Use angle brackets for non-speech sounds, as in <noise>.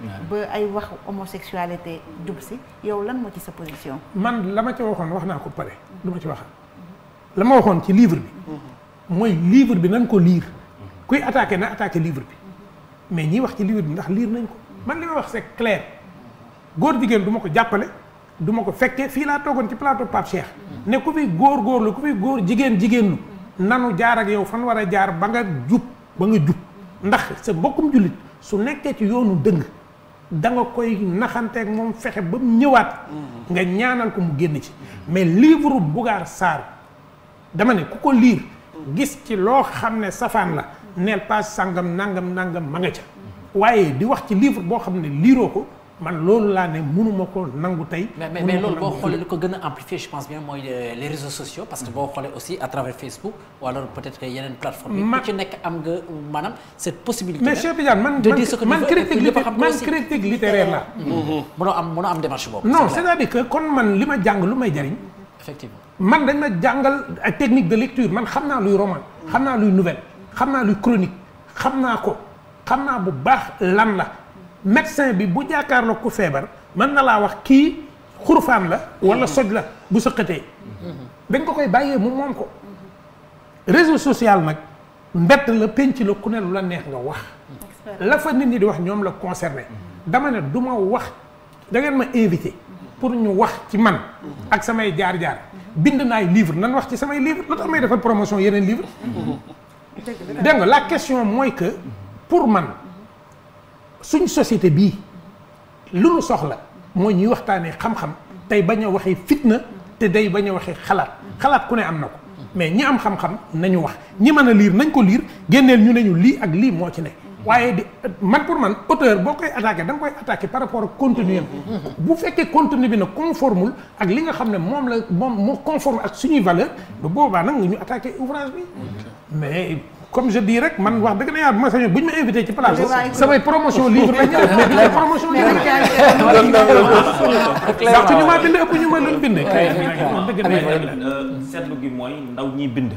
ba ay wax homosexualité jub si yow lan moo ci sa position. man la ma ca waxoon wax naa ko pare du ma ci waxaat la ma waxoon ci livre bi. Mhm. mooy livre bi nan ko liir. kuy attaqué na attaqué livre bi. Mhm. mais ñiy wax ci livre bi ndax liir nañ ko man li ma wax c'est clair góor jigéen du ma ko jàppale du ma ko fekkee fii laa toogoon ci plateau Pape Cheikh mhm. ne ku fi góor góorlu ku fi góor jigéen jigéenlu nanu jaar ak yow fan war a jaar ba nga jub ba nga jub ndax sa mbokkum jullit su nekkee ci yoonu dëng da nga koy naxanteeg moom fexe ba mu ñëwaat. nga ñaanal ko mu génn ci. mais livre Bougar Sarr dama ne ku ko liir. gis ci loo xam ne safaan la. neel pas sàngam nangam nangam ma nga ca. waaye di wax ci livre boo xam ne liiroo ko. man loolu laa ne mënuma ko nangu tey. mais mais loolu boo xoolee lu ko gën a amplifier je pense bien mooy les réseaux sociaux. parce que boo xoolee aussi à travers Facebook ou alors peut-être yeneen plateforme yi. ku ci nekk am nga maanaam cette possibilité. mais Cheikh Tidiane man man critique littéraire la. mënoo mm-hmm. am mënoo am démarche boobu. non c'est-à-dire que kon man li ma jàng lu may jariñ. effectivement man dañ ma jàngal ay technique de lecture man xam naa luy roman. xam naa luy nouvelle. xam naa luy chronique. xam naa ko xam naa bu baax lan la. médecin bi bu jàkkaarloo ku feebar mën na laa wax kii xurfaan la wala mm-hmm. soj la bu sëqatee mm-hmm. dañ ko koy bàyyee mu moom ko réseau social nag mbett la penc la ku ne lu la neex nga wax la fa nit ñi di wax ñoom la concerné mm-hmm. dama ne du ma wax da ngeen ma invité pour ñu wax ci man ak samay jaar-jaar bind naay livre nan wax ci samay livre lu tax may defal promotion yeneen livre dégg nga la question mooy que pour man suñ société bii lu nu soxla mooy ñuy waxtaanee xam-xam tey bañ a waxee fitna te day bañ a waxee xalaat xalaat ku ne am na ko mais ñi am xam-xam nañu wax ñi mën a liir nañ ko liir génneel ñu ne ñu lii ak lii moo ci ne waaye di man pour man auteur boo koy attaqué da koy attaqué par rapport ak contenu bu fekkee contenu bi nag conformul ak li nga xam ne moom la moom moo conforme ak suñuy valeur bu boobaa nag nga ñu attaqué ouvrage bi mais comme je dis rek man wax dëgg na yàlla bu ma sañoon bu ñu ma invité ci place samay promotion livre la ñu def promotion livre <laughs> ndax ñu ma bind ëpp ñu ma doon bind euh, gi mooy ñiy bind